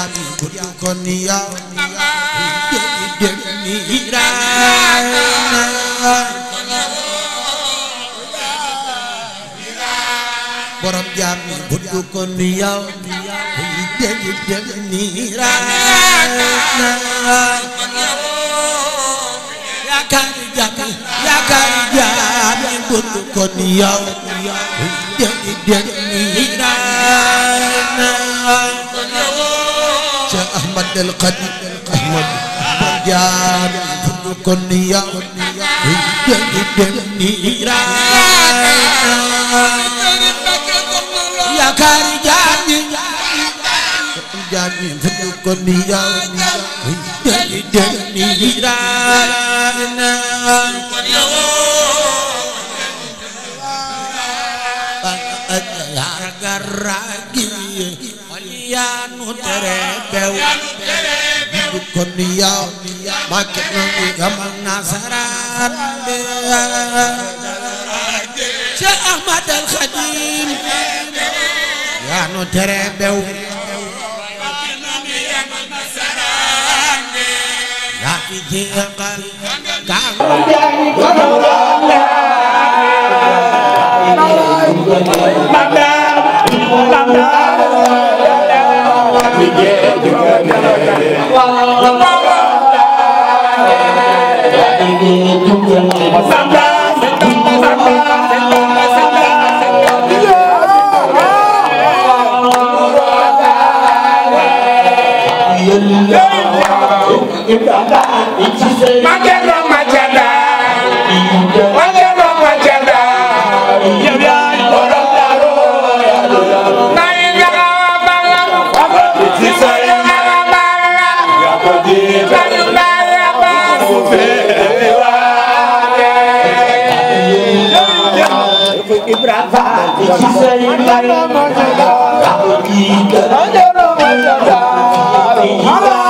yaami guddi ko ni yaw joni dem mi iraana borom jaami guddi ko ni yaw joni dem mi iraana yaakaari jaami yaakaari jaami guddi ko ni yaw joni dem القديم أحمد جاب الكنية يا كاري جاني جاني في الكنية يا غراكي وليا نتربو kon yow màgg na ni gamal nasaraan bi Cheikh Ahmad al Khadim yaa nu tere bew yaa fi jéegal Thank you. Thank you.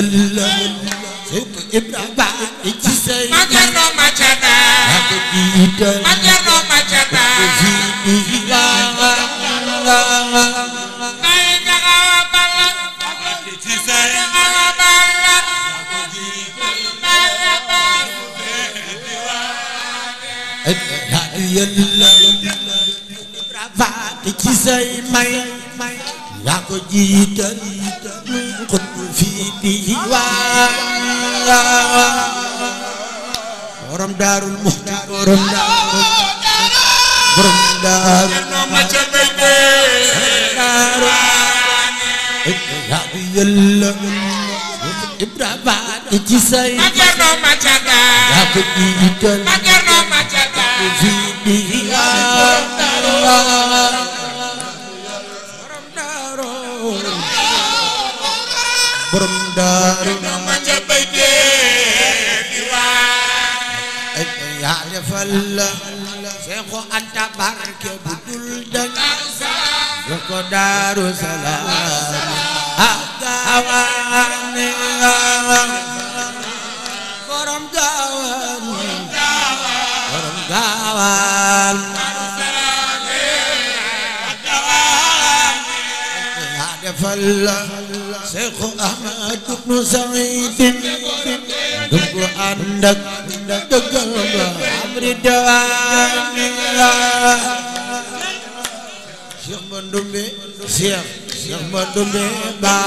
la suk ibra ba ci sey ma jarno ma jada ma jarno ma jada la la kay jaga balla ci sey jaga balla la la yalla ibra ba ci sey may may yaa ko jiital xut fii di diwaan borom daarul muxti borom daarul borom daarul yaa ko yëlla ibrahima ci say yaa ko jiital xut fii di diwaan borom daaru ma ca bay di waay yaa defal la barke bu dul dañ la ko daaru salaam ah gawane borom gaawaan borom gaawaan Cheikh Ahmad ibn Saïd dugg ànd ak dëggal ba amri dawaami Cheikh Mandumbe Cheikh Cheikh Mandumbe ba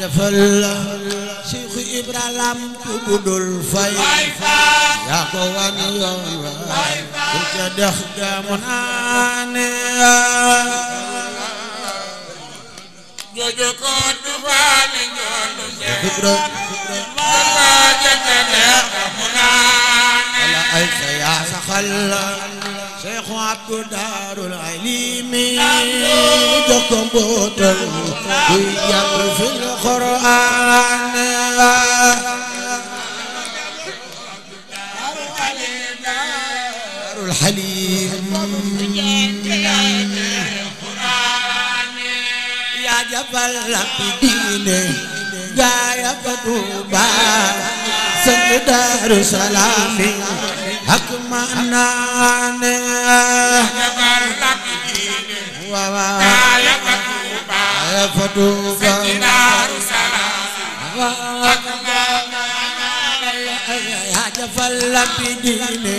defal la Ibra Lamp bu dul fay yaa ko wan yoon wa ku ca dex ga mu naane jojo ko du faani joonu Ibra maa ca ca dex ga mu naane wala ay sa yaa sa xalla Cheikhu Abdu Daarul Alimi jokko mbootal buy jàng fil Quraan defal lampi diine gaaya fa Tuuba sang Daaru Salaam ak manaane defal lampi diine gaaya fa Tuuba fa Tuuba sang Daaru Salaam ak manaane yaa defal lampi diine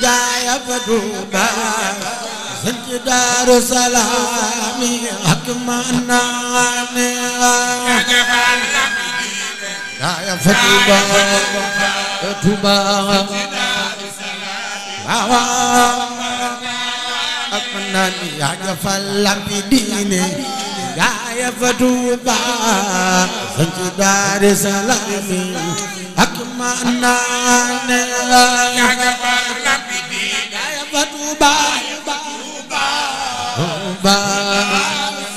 gaaya fa Tuuba sang Daaru Salaam mi ak maanaam yaa fa Tuuba Tuuba waaw ak maanaam yaa fa lambi diine yaa fa Tuuba sant Daar Salaam ak maanaam yaa fa lambi diine yaa fa Tuuba ak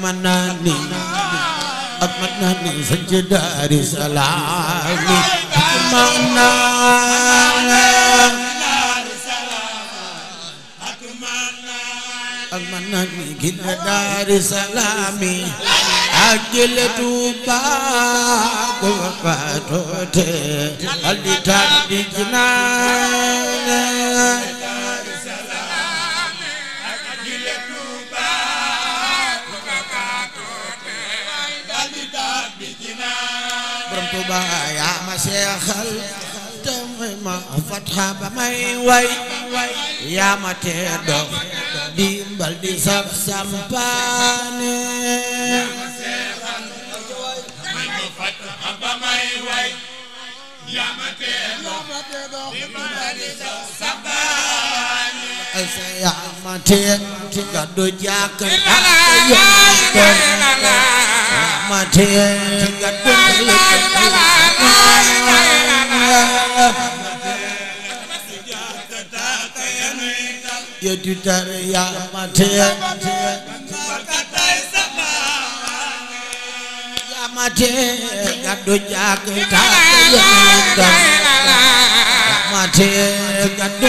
man naa ni nan gina Daaru Salaam ak jële Tuuba ko faatoote alli tan di jinaan borom Tuuba yaa ma seexal te ma fatha ba may way yaa ma tee xadim bal di saf sampaane yaamate ti gàddu jàkk yaamate ti gàddu editar ya mate ya mate gaddo jaag ta ya mate gaddo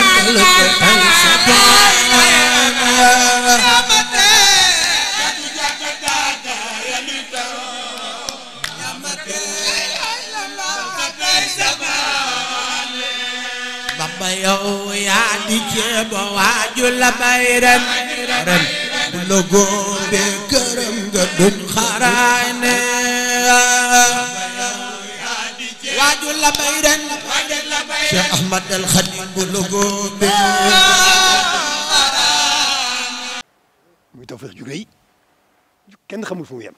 yow yaa di ceeba waaju la bay ren ren bu la góobee këram nga duñ xaraay ne waaju la bay ren Cheikh Ahmad al Khadim bu la góobee muy tawfeex ju rëy kenn xamul fu mu yem